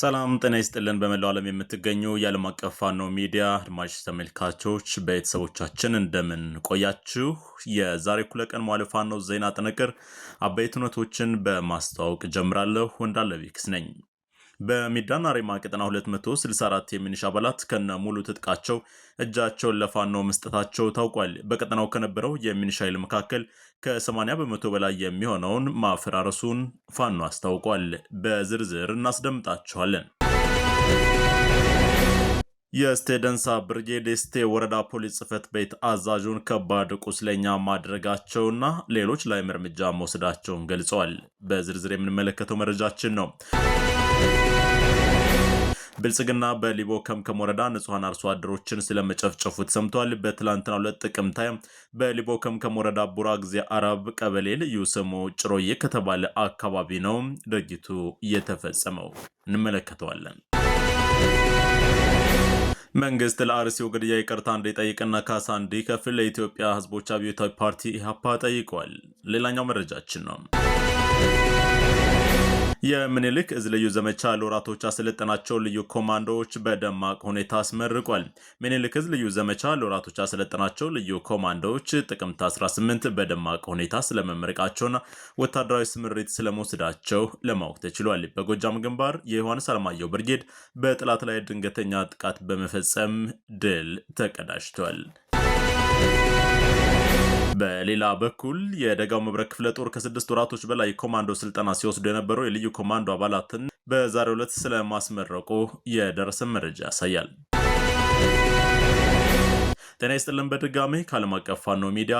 ሰላም ጤና ይስጥልን። በመላው ዓለም የምትገኙ የዓለም አቀፍ ፋኖ ሚዲያ አድማጭ ተመልካቾች ቤተሰቦቻችን እንደምን ቆያችሁ? የዛሬ እኩለ ቀን መዋዕለ ፋኖ ዜና ጥንቅር አበይት ሁነቶችን በማስተዋወቅ ጀምራለሁ። ቢክስ ነኝ። በሚዳና ሬማ ቀጠና 264 የሚኒሻ አባላት ከነ ሙሉ ትጥቃቸው እጃቸውን ለፋኖ መስጠታቸው ታውቋል። በቀጠናው ከነበረው የሚኒሻ ኃይል መካከል ከ80 በመቶ በላይ የሚሆነውን ማፈራረሱን ፋኖ አስታውቋል። በዝርዝር እናስደምጣችኋለን። የስቴደንሳ ብርጌድ የስቴ ወረዳ ፖሊስ ጽህፈት ቤት አዛዡን ከባድ ቁስለኛ ማድረጋቸውና ሌሎች ላይም እርምጃ መውሰዳቸውን ገልጸዋል። በዝርዝር የምንመለከተው መረጃችን ነው። ብልጽግና በሊቦ ከምከም ወረዳ ንጹሐን አርሶ አደሮችን ስለመጨፍጨፉ ተሰምቷል። በትላንትና ሁለት ጥቅምታ በሊቦ ከምከም ወረዳ ቡራ ጊዜ አረብ ቀበሌ ልዩ ስሙ ጭሮዬ ከተባለ አካባቢ ነው ድርጊቱ እየተፈጸመው፣ እንመለከተዋለን። መንግስት ለአርሲው ግድያ ይቅርታ እንዲጠይቅና ካሳ እንዲከፍል ለኢትዮጵያ ህዝቦች አብዮታዊ ፓርቲ ኢህአፓ ጠይቋል። ሌላኛው መረጃችን ነው። የምኒልክ እዝ ልዩ ዘመቻ ለወራቶች አሰለጠናቸው ልዩ ኮማንዶዎች በደማቅ ሁኔታ አስመርቋል። ምኒልክ እዝ ልዩ ዘመቻ ለወራቶች አሰለጠናቸው ልዩ ኮማንዶዎች ጥቅምት 18 በደማቅ ሁኔታ ስለመመረቃቸውና ወታደራዊ ስምሪት ስለመውሰዳቸው ለማወቅ ተችሏል። በጎጃም ግንባር የዮሐንስ አለማየሁ ብርጌድ በጠላት ላይ ድንገተኛ ጥቃት በመፈጸም ድል ተቀዳጅቷል። በሌላ በኩል የደጋው መብረቅ ክፍለ ጦር ከስድስት ወራቶች በላይ ኮማንዶ ስልጠና ሲወስዱ የነበረው የልዩ ኮማንዶ አባላትን በዛሬው ዕለት ስለማስመረቁ የደረሰን መረጃ ያሳያል። ጤና ይስጥልን። በድጋሚ ከዓለም አቀፍ ፋኖ ሚዲያ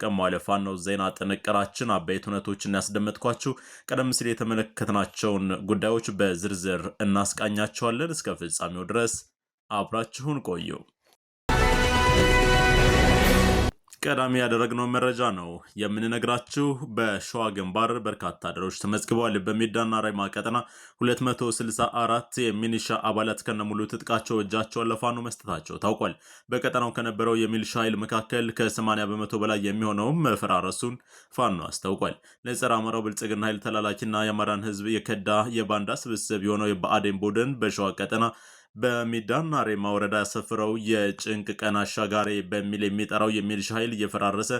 ቀን ማለ ፋኖ ዜና ጥንቅራችን አበይት እውነቶችን ያስደመጥኳችሁ። ቀደም ሲል የተመለከትናቸውን ጉዳዮች በዝርዝር እናስቃኛቸዋለን። እስከ ፍጻሜው ድረስ አብራችሁን ቆዩ። ቀዳሚ ያደረግነው መረጃ ነው የምንነግራችሁ። በሸዋ ግንባር በርካታ ድሎች ተመዝግበዋል። በሜዳና ራይማ ቀጠና 264 የሚኒሻ አባላት ከነሙሉ ትጥቃቸው እጃቸውን ለፋኖ መስጠታቸው ታውቋል። በቀጠናው ከነበረው የሚሊሻ ኃይል መካከል ከ80 በመቶ በላይ የሚሆነውም መፈራረሱን ፋኖ አስታውቋል። ለጸረ አማራው ብልጽግና ኃይል ተላላኪና የአማራን ህዝብ የከዳ የባንዳ ስብስብ የሆነው የብአዴን ቡድን በሸዋ ቀጠና በሚዳና ሬማ ወረዳ ያሰፍረው የጭንቅ ቀን አሻጋሪ በሚል የሚጠራው የሚልሻ ኃይል እየፈራረሰ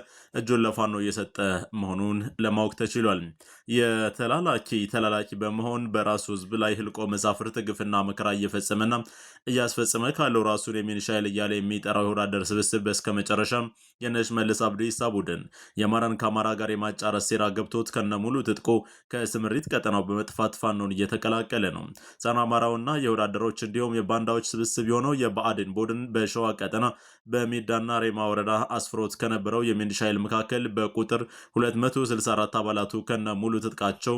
እጁን ለፋኖ እየሰጠ መሆኑን ለማወቅ ተችሏል። የተላላኪ ተላላኪ በመሆን በራሱ ህዝብ ላይ ህልቆ መሳፍርት ግፍና መከራ እየፈጸመና እያስፈጸመ ካለው ራሱን የሚሊሻ ኃይል እያለ የሚጠራው የወዳደር ስብስብ በስከ መጨረሻ የነሽ መልስ አብዲሳ ቡድን የአማራን ከአማራ ጋር የማጫረስ ሴራ ገብቶት ከነ ሙሉ ትጥቁ ከስምሪት ቀጠናው በመጥፋት ፋኖን እየተቀላቀለ ነው። ጸና አማራውና የወዳደሮች እንዲሁም የባንዳዎች ስብስብ የሆነው የብአዴን ቡድን በሸዋ ቀጠና በሜዳና ሬማ ወረዳ አስፍሮት ከነበረው የሚሊሻ ኃይል መካከል በቁጥር 264 አባላቱ ከነ ሙሉ ትጥቃቸው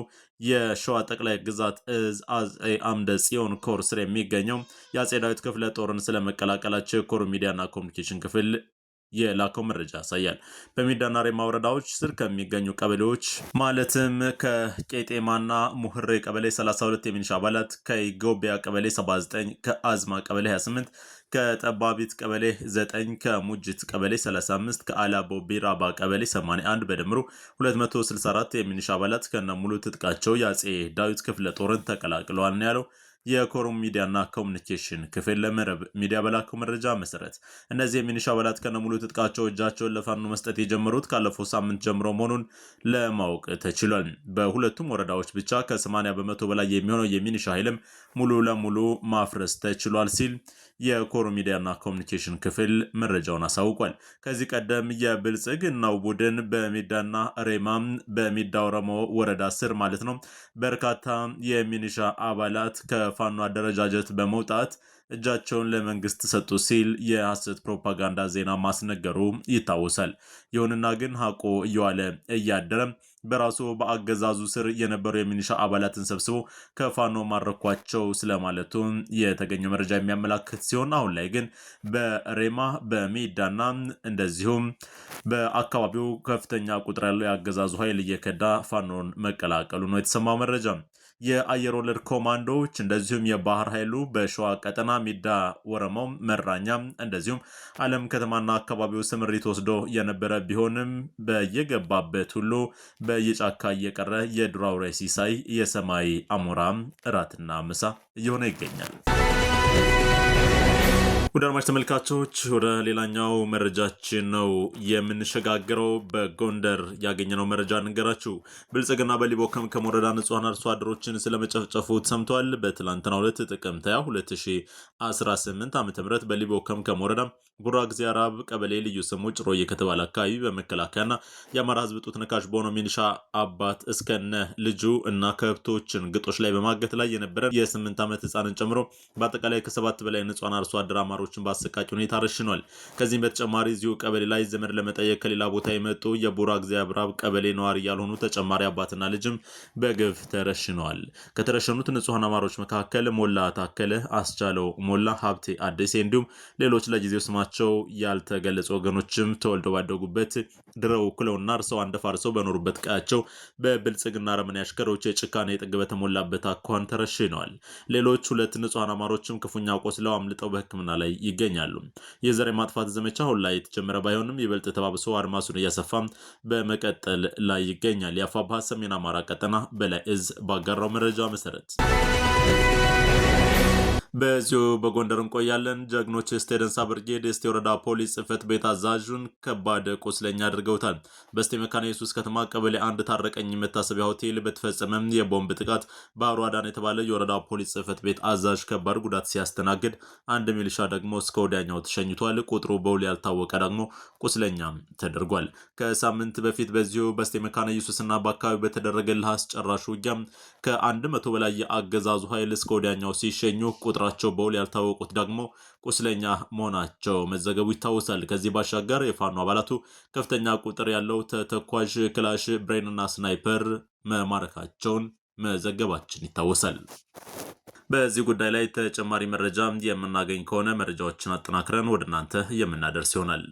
የሸዋ ጠቅላይ ግዛት እዝ አጼ አምደ ጽዮን ኮር ስር የሚገኘው የአጼ ዳዊት ክፍለ ጦርን ስለመቀላቀላቸው የኮር ሚዲያና ኮሚኒኬሽን ክፍል የላከው መረጃ ያሳያል። በሚዳና ሬማ ወረዳዎች ስር ከሚገኙ ቀበሌዎች ማለትም ከቄጤማና ሙህሬ ቀበሌ 32 የሚኒሻ አባላት፣ ከኢጎቢያ ቀበሌ 79፣ ከአዝማ ቀበሌ 28 ከጠባቢት ቀበሌ 9 ከሙጅት ቀበሌ 35 ከአላቦ ቢራባ ቀበሌ 81 በድምሩ 264 የሚኒሻ አባላት ከነሙሉ ትጥቃቸው የአጼ ዳዊት ክፍለ ጦርን ተቀላቅለዋል ነው ያለው። የኮሩም ሚዲያና ኮሚኒኬሽን ክፍል ለመረብ ሚዲያ በላከው መረጃ መሰረት እነዚህ የሚኒሻ አባላት ሙሉ ትጥቃቸው እጃቸውን ለፋኖ መስጠት የጀመሩት ካለፈው ሳምንት ጀምሮ መሆኑን ለማወቅ ተችሏል። በሁለቱም ወረዳዎች ብቻ ከ80 በመቶ በላይ የሚሆነው የሚኒሻ ኃይልም ሙሉ ለሙሉ ማፍረስ ተችሏል ሲል የኮር ሚዲያና ኮሚኒኬሽን ክፍል መረጃውን አሳውቋል። ከዚህ ቀደም የብልጽግናው ቡድን በሚዳና ሬማ በሚዳ ኦሮሞ ወረዳ ስር ማለት ነው በርካታ የሚኒሻ አባላት ከፋኖ አደረጃጀት በመውጣት እጃቸውን ለመንግስት ሰጡ ሲል የሐሰት ፕሮፓጋንዳ ዜና ማስነገሩ ይታወሳል። ይሁንና ግን ሀቆ እየዋለ እያደረም በራሱ በአገዛዙ ስር የነበሩ የሚኒሻ አባላትን ሰብስቦ ከፋኖ ማድረኳቸው ስለማለቱ የተገኘው መረጃ የሚያመላክት ሲሆን አሁን ላይ ግን በሬማ በሜዳና እንደዚሁም በአካባቢው ከፍተኛ ቁጥር ያለው የአገዛዙ ኃይል እየከዳ ፋኖን መቀላቀሉ ነው የተሰማው መረጃ። የአየር ወለድ ኮማንዶዎች እንደዚሁም የባህር ኃይሉ በሸዋ ቀጠና ሚዳ ወረማው መራኛ እንደዚሁም አለም ከተማና አካባቢው ስምሪት ወስዶ የነበረ ቢሆንም በየገባበት ሁሉ በየጫካ እየቀረ የዱር አውሬ ሲሳይ የሰማይ አሞራ እራትና ምሳ እየሆነ ይገኛል። ውድ አድማጭ ተመልካቾች ወደ ሌላኛው መረጃችን ነው የምንሸጋገረው። በጎንደር ያገኘነው መረጃ እንገራችሁ። ብልጽግና በሊቦ ከምከም ወረዳ ንጹሐን አርሶ አደሮችን ስለመጨፍጨፉ ሰምቷል። በትላንትና ሁለት ጥቅምት 2018 ዓ ም በሊቦ ከምከም ወረዳ ጉራ ጊዜ አራብ ቀበሌ ልዩ ስሙ ጭሮዬ ከተባለ አካባቢ በመከላከያና የአማራ ህዝብ ጡት ነካሽ በሆነው ሚኒሻ አባት እስከነ ልጁ እና ከብቶችን ግጦች ላይ በማገት ላይ የነበረ የስምንት ዓመት ህፃንን ጨምሮ በአጠቃላይ ከሰባት በላይ ንጹሐን አርሶ አደር አማሮችን በአሰቃቂ ሁኔታ ረሽኗል። ከዚህም በተጨማሪ እዚሁ ቀበሌ ላይ ዘመድ ለመጠየቅ ከሌላ ቦታ የመጡ የቡራ እግዚአብራብ ቀበሌ ነዋሪ ያልሆኑ ተጨማሪ አባትና ልጅም በግፍ ተረሽነዋል። ከተረሸኑት ንጹሐን አማሮች መካከል ሞላ ታከለ፣ አስቻለው ሞላ፣ ሀብቴ አዲሴ እንዲሁም ሌሎች ለጊዜው ስማቸው ያልተገለጹ ወገኖችም ተወልደው ባደጉበት ድረው ክለውና እርሰው አንደፋርሰው በኖሩበት ቀያቸው በብልጽግና አረመኔ አሽከሮች የጭካኔ የጥግ በተሞላበት አኳን ተረሽነዋል። ሌሎች ሁለት ንጹሐን አማሮችም ክፉኛ ቆስለው አምልጠው በሕክምና ላይ ላይ ይገኛሉ። የዘር ማጥፋት ዘመቻ አሁን ላይ የተጀመረ ባይሆንም ይበልጥ ተባብሶ አድማሱን እያሰፋ በመቀጠል ላይ ይገኛል። የአፋብሃ ሰሜን አማራ ቀጠና በላይ እዝ ባጋራው መረጃ መሰረት በዚሁ በጎንደር እንቆያለን። ጀግኖች ስቴደንሳ ብርጌድ የስቴ ወረዳ ፖሊስ ጽህፈት ቤት አዛዡን ከባድ ቁስለኛ አድርገውታል። በስቴ መካነ ኢየሱስ ከተማ ቀበሌ አንድ ታረቀኝ መታሰቢያ ሆቴል በተፈጸመም የቦምብ ጥቃት ባህሩ አዳን የተባለ የወረዳ ፖሊስ ጽህፈት ቤት አዛዥ ከባድ ጉዳት ሲያስተናግድ፣ አንድ ሚሊሻ ደግሞ እስከ ወዲያኛው ተሸኝቷል። ቁጥሩ በውል ያልታወቀ ደግሞ ቁስለኛ ተደርጓል። ከሳምንት በፊት በዚሁ በስቴ መካነ ኢየሱስና በአካባቢ በተደረገ ልብ አስጨራሽ ውጊያ ከአንድ መቶ በላይ የአገዛዙ ኃይል እስከ ወዲያኛው ሲሸኙ ቁጥራ ቁጥራቸው በውል ያልታወቁት ደግሞ ቁስለኛ መሆናቸው መዘገቡ ይታወሳል። ከዚህ ባሻገር የፋኖ አባላቱ ከፍተኛ ቁጥር ያለው ተተኳሽ ክላሽ፣ ብሬንና ስናይፐር መማረካቸውን መዘገባችን ይታወሳል። በዚህ ጉዳይ ላይ ተጨማሪ መረጃ የምናገኝ ከሆነ መረጃዎችን አጠናክረን ወደ እናንተ የምናደርስ ይሆናል።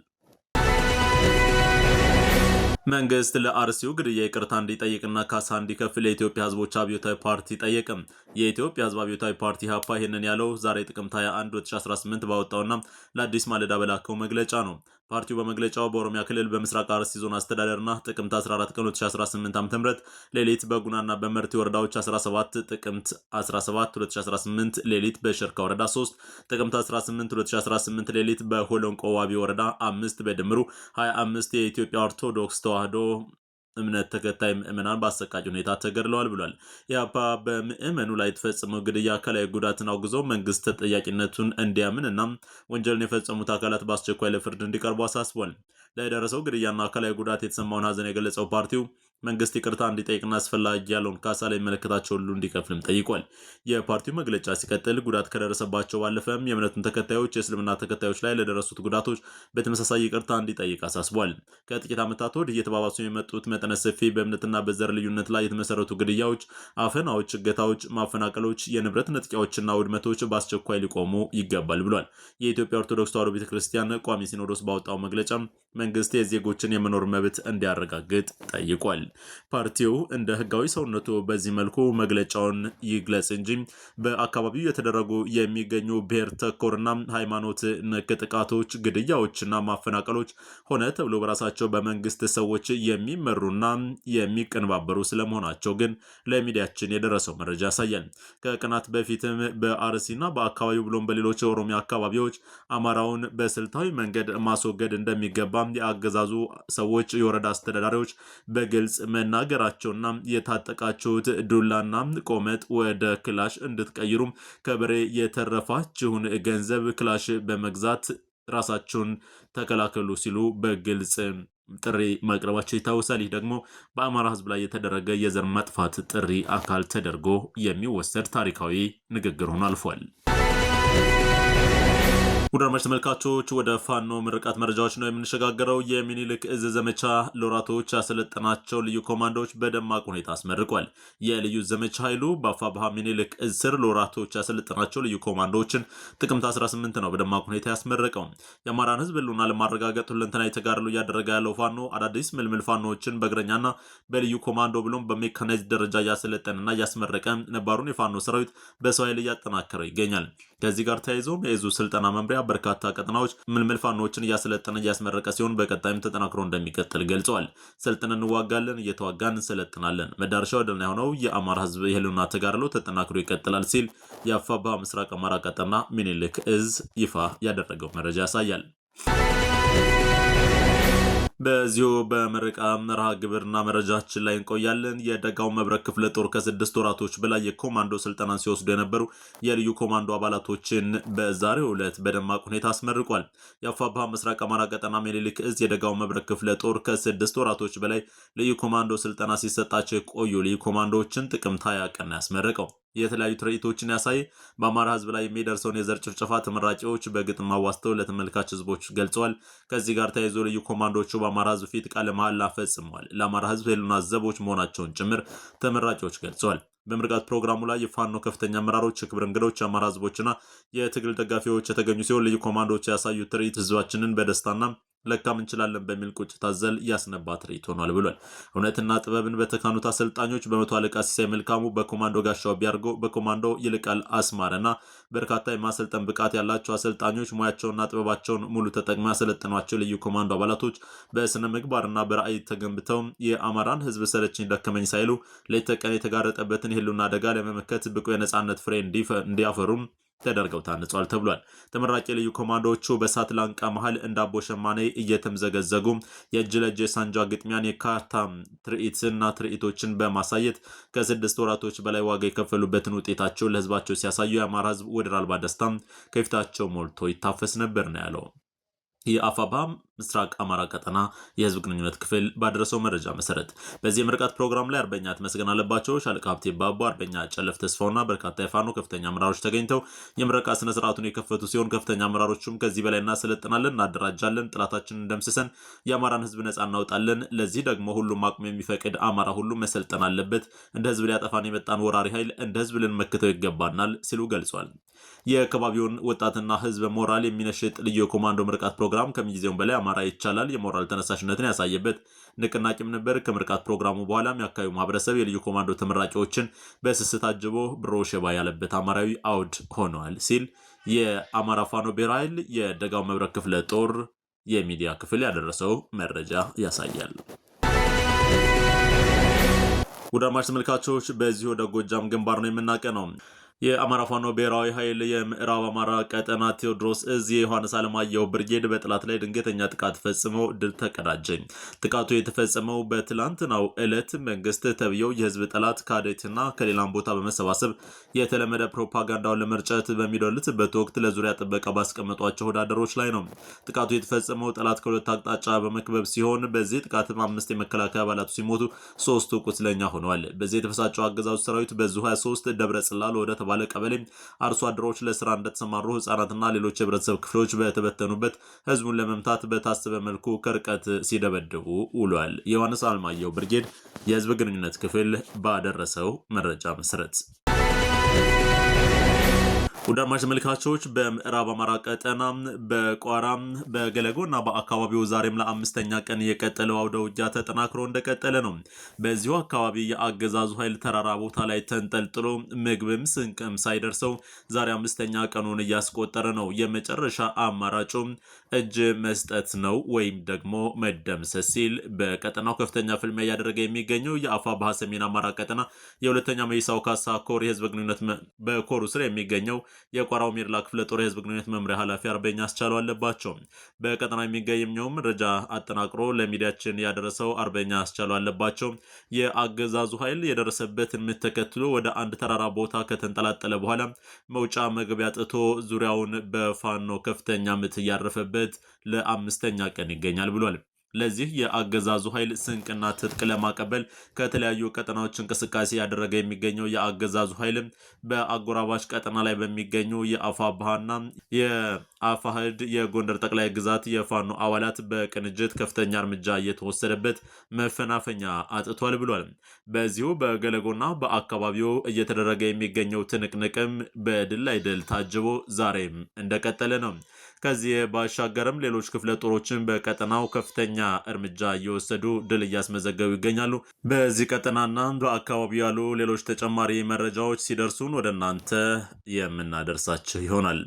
መንግስት ለአርሲው ግድያ ይቅርታ እንዲጠይቅና ካሳ እንዲከፍል የኢትዮጵያ ህዝቦች አብዮታዊ ፓርቲ ጠየቅም። የኢትዮጵያ ህዝብ አብዮታዊ ፓርቲ ሀፋ ይህንን ያለው ዛሬ ጥቅምት 21 2018 ባወጣውና ለአዲስ ማለዳ በላከው መግለጫ ነው። ፓርቲው በመግለጫው በኦሮሚያ ክልል በምስራቅ አርሲ ዞን አስተዳደርና ጥቅምት 14 ቀን 2018 ዓ.ም ሌሊት በጉናና በመርቲ ወረዳዎች 17 ጥቅምት 17 2018 ሌሊት በሽርካ ወረዳ 3 ጥቅምት 18 2018 ሌሊት በሆሎንቆ ዋቢ ወረዳ 5 በድምሩ 25 የኢትዮጵያ ኦርቶዶክስ ተዋ ተዋህዶ እምነት ተከታይ ምዕመናን በአሰቃቂ ሁኔታ ተገድለዋል ብሏል። ኢህአፓ በምዕመኑ ላይ የተፈጸመው ግድያ አካላዊ ጉዳትን አውግዞ መንግስት ተጠያቂነቱን እንዲያምን እና ወንጀልን የፈጸሙት አካላት በአስቸኳይ ለፍርድ እንዲቀርቡ አሳስቧል። ለደረሰው ግድያና አካላዊ ጉዳት የተሰማውን ሀዘን የገለጸው ፓርቲው መንግስት ይቅርታ እንዲጠይቅና አስፈላጊ ያለውን ካሳ ለሚመለከታቸው ሁሉ እንዲከፍልም ጠይቋል። የፓርቲው መግለጫ ሲቀጥል ጉዳት ከደረሰባቸው ባለፈም የእምነቱን ተከታዮች የእስልምና ተከታዮች ላይ ለደረሱት ጉዳቶች በተመሳሳይ ይቅርታ እንዲጠይቅ አሳስቧል። ከጥቂት ዓመታት ወዲህ እየተባባሱ የመጡት መጠነ ሰፊ በእምነትና በዘር ልዩነት ላይ የተመሰረቱ ግድያዎች፣ አፈናዎች፣ እገታዎች፣ ማፈናቀሎች፣ የንብረት ነጥቂያዎችና ውድመቶች በአስቸኳይ ሊቆሙ ይገባል ብሏል። የኢትዮጵያ ኦርቶዶክስ ተዋሕዶ ቤተ ክርስቲያን ቋሚ ሲኖዶስ ባወጣው መግለጫ መንግስት የዜጎችን የመኖር መብት እንዲያረጋግጥ ጠይቋል። ፓርቲው እንደ ህጋዊ ሰውነቱ በዚህ መልኩ መግለጫውን ይግለጽ እንጂ በአካባቢው የተደረጉ የሚገኙ ብሔር ተኮርና ሃይማኖት ነክ ጥቃቶች፣ ግድያዎችና ማፈናቀሎች ሆነ ተብሎ በራሳቸው በመንግስት ሰዎች የሚመሩና የሚቀነባበሩ ስለመሆናቸው ግን ለሚዲያችን የደረሰው መረጃ ያሳያል። ከቀናት በፊትም በአርሲና በአካባቢው ብሎም በሌሎች የኦሮሚያ አካባቢዎች አማራውን በስልታዊ መንገድ ማስወገድ እንደሚገባ የአገዛዙ ሰዎች የወረዳ አስተዳዳሪዎች በግልጽ በግልጽ መናገራቸውና የታጠቃችሁት ዱላና ቆመጥ ወደ ክላሽ እንድትቀይሩም ከበሬ የተረፋችሁን ገንዘብ ክላሽ በመግዛት ራሳችሁን ተከላከሉ ሲሉ በግልጽ ጥሪ ማቅረባቸው ይታወሳል። ይህ ደግሞ በአማራ ሕዝብ ላይ የተደረገ የዘር ማጥፋት ጥሪ አካል ተደርጎ የሚወሰድ ታሪካዊ ንግግር ሆኖ አልፏል። ውዳርማች ተመልካቾች ወደ ፋኖ ምርቃት መረጃዎች ነው የምንሸጋገረው። የሚኒልክ እዝ ዘመቻ ለወራቶች ያሰለጠናቸው ልዩ ኮማንዶዎች በደማቅ ሁኔታ አስመርቋል። የልዩ ዘመቻ ኃይሉ በአፋብሃ ሚኒልክ እዝ ስር ለወራቶች ያሰለጠናቸው ልዩ ኮማንዶዎችን ጥቅምት 18 ነው በደማቅ ሁኔታ ያስመረቀው። የአማራን ህዝብ ህልውና ለማረጋገጥ ሁለንተና ተጋድሎ እያደረገ ያለው ፋኖ አዳዲስ ምልምል ፋኖዎችን በእግረኛና በልዩ ኮማንዶ ብሎም በሜካናይዝ ደረጃ እያሰለጠንና እያስመረቀ ነባሩን የፋኖ ሰራዊት በሰው ኃይል እያጠናከረው ይገኛል። ከዚህ ጋር ተያይዞም የእዙ ስልጠና መምሪያ በርካታ ቀጠናዎች ምልምል ፋኖችን እያሰለጠነ እያስመረቀ ሲሆን በቀጣይም ተጠናክሮ እንደሚቀጥል ገልጸዋል። ሰልጥነን እንዋጋለን፣ እየተዋጋን እንሰለጥናለን። መዳረሻው ድል የሆነው የአማራ ህዝብ የህልውና ተጋድሎ ተጠናክሮ ይቀጥላል ሲል የአፋባ ምስራቅ አማራ ቀጠና ሚኒልክ እዝ ይፋ ያደረገው መረጃ ያሳያል። በዚሁ በምረቃ መርሃ ግብርና መረጃችን ላይ እንቆያለን። የደጋው መብረቅ ክፍለ ጦር ከስድስት ወራቶች በላይ የኮማንዶ ስልጠናን ሲወስዱ የነበሩ የልዩ ኮማንዶ አባላቶችን በዛሬው ዕለት በደማቅ ሁኔታ አስመርቋል። የአፋብሃ ምስራቅ አማራ ቀጠና ሜሌሊክ እዝ የደጋው መብረቅ ክፍለ ጦር ከስድስት ወራቶች በላይ ልዩ ኮማንዶ ስልጠና ሲሰጣቸው የቆዩ ልዩ ኮማንዶዎችን ጥቅምት ሃያ ቀን ያስመረቀው የተለያዩ ትርኢቶችን ያሳይ። በአማራ ህዝብ ላይ የሚደርሰውን የዘር ጭፍጨፋ ተመራቂዎች በግጥም አዋስተው ለተመልካች ህዝቦች ገልጸዋል። ከዚህ ጋር ተያይዞ ልዩ ኮማንዶቹ በአማራ ህዝብ ፊት ቃለ መሃላ ፈጽመዋል። ለአማራ ህዝብ ህልና ዘቦች መሆናቸውን ጭምር ተመራቂዎች ገልጸዋል። በምርቃት ፕሮግራሙ ላይ የፋኖ ከፍተኛ አመራሮች፣ የክብር እንግዶች፣ የአማራ ህዝቦችና የትግል ደጋፊዎች የተገኙ ሲሆን ልዩ ኮማንዶዎች ያሳዩት ትርኢት ህዝባችንን በደስታና ለካም እንችላለን በሚል ቁጭት አዘል ያስነባ ትርኢት ሆኗል ብሏል። እውነትና ጥበብን በተካኑት አሰልጣኞች በመቶ አለቃ ሲሳይ መልካሙ፣ በኮማንዶ ጋሻው ቢያርገው፣ በኮማንዶ ይልቃል አስማረና በርካታ የማሰልጠን ብቃት ያላቸው አሰልጣኞች ሙያቸውና ጥበባቸውን ሙሉ ተጠቅመው ያሰለጥኗቸው ልዩ ኮማንዶ አባላቶች በስነ ምግባርና በራእይ ተገንብተው የአማራን ህዝብ ሰለችኝ ደከመኝ ሳይሉ ሌት ተቀን የተጋረጠበትን የህልውና አደጋ ለመመከት ብቁ የነጻነት ፍሬ እንዲያፈሩም ተደርገው ታንጿል ተብሏል። ተመራቂ ልዩ ኮማንዶዎቹ በእሳት ላንቃ መሀል እንደ አቦ ሸማኔ እየተምዘገዘጉ የእጅ ለእጅ የሳንጃ ግጥሚያን የካርታ ትርኢትና ትርኢቶችን በማሳየት ከስድስት ወራቶች በላይ ዋጋ የከፈሉበትን ውጤታቸው ለህዝባቸው ሲያሳዩ የአማራ ህዝብ ወደር አልባ ደስታም ከፊታቸው ሞልቶ ይታፈስ ነበር ነው ያለው የአፋባም ምስራቅ አማራ ቀጠና የህዝብ ግንኙነት ክፍል ባደረሰው መረጃ መሰረት በዚህ የምርቃት ፕሮግራም ላይ አርበኛ ተመስገን አለባቸው፣ ሻለቃ ሀብቴ ባቦ፣ አርበኛ ጨለፍ ተስፋውና በርካታ የፋኖ ከፍተኛ አመራሮች ተገኝተው የምረቃ ስነ ስርዓቱን የከፈቱ ሲሆን ከፍተኛ አመራሮቹም ከዚህ በላይ እናሰለጥናለን፣ እናደራጃለን፣ ጥላታችንን እንደምስሰን፣ የአማራን ህዝብ ነጻ እናውጣለን፣ ለዚህ ደግሞ ሁሉም አቅም የሚፈቅድ አማራ ሁሉ መሰልጠን አለበት፣ እንደ ህዝብ ሊያጠፋን የመጣን ወራሪ ኃይል እንደ ህዝብ ልንመክተው ይገባናል ሲሉ ገልጿል። የአካባቢውን ወጣትና ህዝብ ሞራል የሚነሽጥ ልዩ የኮማንዶ ምርቃት ፕሮግራም ከምንጊዜውም በላይ አማራ ይቻላል የሞራል ተነሳሽነትን ያሳየበት ንቅናቄም ነበር። ከምርቃት ፕሮግራሙ በኋላም የአካባቢው ማህበረሰብ የልዩ ኮማንዶ ተመራቂዎችን በስስ ታጅቦ ብሮ ሸባ ያለበት አማራዊ አውድ ሆነዋል ሲል የአማራ ፋኖ ብሔራዊ ኃይል የደጋው መብረቅ ክፍለ ጦር የሚዲያ ክፍል ያደረሰው መረጃ ያሳያል። ውድ አድማጭ ተመልካቾች በዚህ ወደ ጎጃም ግንባር ነው ነው። የአማራ ፋኖ ብሔራዊ ኃይል የምዕራብ አማራ ቀጠና ቴዎድሮስ እዝ የዮሐንስ አለማየሁ ብርጌድ በጠላት ላይ ድንገተኛ ጥቃት ፈጽሞ ድል ተቀዳጀኝ። ጥቃቱ የተፈጸመው በትላንትናው ዕለት መንግስት ተብየው የህዝብ ጠላት ካዴትና ከሌላም ቦታ በመሰባሰብ የተለመደ ፕሮፓጋንዳውን ለመርጨት በሚደልትበት ወቅት ለዙሪያ ጥበቃ ባስቀመጧቸው ወዳደሮች ላይ ነው። ጥቃቱ የተፈጸመው ጠላት ከሁለት አቅጣጫ በመክበብ ሲሆን በዚህ ጥቃትም አምስት የመከላከያ አባላቱ ሲሞቱ ሶስቱ ቁስለኛ ሆኗል። በዚህ የተፈሳጨው አገዛዙ ሰራዊት በዙ 23 ደብረ ጽላል ወደ በተባለ ቀበሌ አርሶ አደሮች ለስራ እንደተሰማሩ ህጻናትና ሌሎች የህብረተሰብ ክፍሎች በተበተኑበት ህዝቡን ለመምታት በታሰበ መልኩ ከርቀት ሲደበድቡ ውሏል። ዮሐንስ አልማየሁ ብርጌድ የህዝብ ግንኙነት ክፍል ባደረሰው መረጃ መሰረት ውድ አድማጭ ተመልካቾች በምዕራብ አማራ ቀጠና በቋራ በገለጎና በአካባቢው ዛሬም ለአምስተኛ ቀን የቀጠለው አውደ ውጊያ ተጠናክሮ እንደቀጠለ ነው። በዚሁ አካባቢ የአገዛዙ ኃይል ተራራ ቦታ ላይ ተንጠልጥሎ ምግብም ስንቅም ሳይደርሰው ዛሬ አምስተኛ ቀኑን እያስቆጠረ ነው። የመጨረሻ አማራጩ እጅ መስጠት ነው ወይም ደግሞ መደምሰስ ሲል በቀጠናው ከፍተኛ ፍልሚያ እያደረገ የሚገኘው የአፋ ባህ ሰሜን አማራ ቀጠና የሁለተኛ መይሳው ካሳ ኮር የህዝብ ግንኙነት በኮሩ ስር የሚገኘው የቋራው ሜድላ ክፍለ ጦር የህዝብ ግንኙነት መምሪያ ኃላፊ አርበኛ አስቻለው አለባቸው። በቀጠና የሚገኝ መረጃ አጠናቅሮ ለሚዲያችን ያደረሰው አርበኛ አስቻለው አለባቸው የአገዛዙ ኃይል የደረሰበት ምት ተከትሎ ወደ አንድ ተራራ ቦታ ከተንጠላጠለ በኋላ መውጫ መግቢያ ጥቶ ዙሪያውን በፋኖ ከፍተኛ ምት እያረፈበት ለአምስተኛ ቀን ይገኛል ብሏል። ለዚህ የአገዛዙ ኃይል ስንቅና ትጥቅ ለማቀበል ከተለያዩ ቀጠናዎች እንቅስቃሴ ያደረገ የሚገኘው የአገዛዙ ኃይልም በአጎራባች ቀጠና ላይ በሚገኙ የአፋብሃና የአፋህድ የጎንደር ጠቅላይ ግዛት የፋኖ አባላት በቅንጅት ከፍተኛ እርምጃ እየተወሰደበት መፈናፈኛ አጥቷል ብሏል። በዚሁ በገለጎና በአካባቢው እየተደረገ የሚገኘው ትንቅንቅም በድል ላይ ድል ታጅቦ ዛሬም እንደቀጠለ ነው። ከዚህ ባሻገርም ሌሎች ክፍለ ጦሮችን በቀጠናው ከፍተኛ እርምጃ እየወሰዱ ድል እያስመዘገቡ ይገኛሉ። በዚህ ቀጠናና በአካባቢው ያሉ ሌሎች ተጨማሪ መረጃዎች ሲደርሱን ወደ እናንተ የምናደርሳቸው ይሆናል።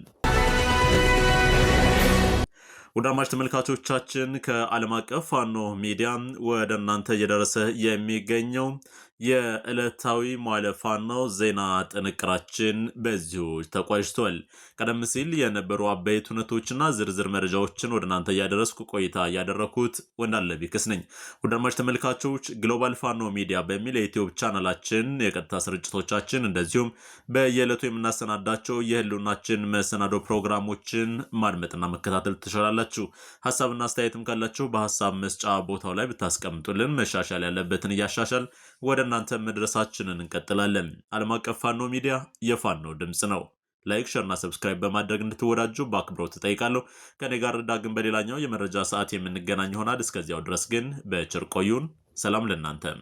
ውዳማሽ ተመልካቾቻችን ከዓለም አቀፍ ፋኖ ሚዲያ ወደ እናንተ እየደረሰ የሚገኘው የዕለታዊ ማለፋን ፋኖ ዜና ጥንቅራችን በዚሁ ተቋጭቷል። ቀደም ሲል የነበሩ አበይት ሁነቶችና ዝርዝር መረጃዎችን ወደ እናንተ እያደረስኩ ቆይታ እያደረኩት ወንዳለ ቢክስ ነኝ። ውድ አድማጭ ተመልካቾች ግሎባል ፋኖ ሚዲያ በሚል የዩትዩብ ቻናላችን የቀጥታ ስርጭቶቻችን እንደዚሁም በየዕለቱ የምናሰናዳቸው የህልውናችን መሰናዶ ፕሮግራሞችን ማድመጥና መከታተል ትችላላችሁ። ሀሳብና አስተያየትም ካላችሁ በሀሳብ መስጫ ቦታው ላይ ብታስቀምጡልን መሻሻል ያለበትን እያሻሻል ወደ እናንተ መድረሳችንን እንቀጥላለን። ዓለም አቀፍ ፋኖ ሚዲያ የፋኖ ድምፅ ነው። ላይክ፣ ሸርና ሰብስክራይብ በማድረግ እንድትወዳጁ በአክብሮት እጠይቃለሁ። ከኔ ጋር ዳግም በሌላኛው የመረጃ ሰዓት የምንገናኝ ይሆናል። እስከዚያው ድረስ ግን በቸር ቆዩን። ሰላም ለእናንተ።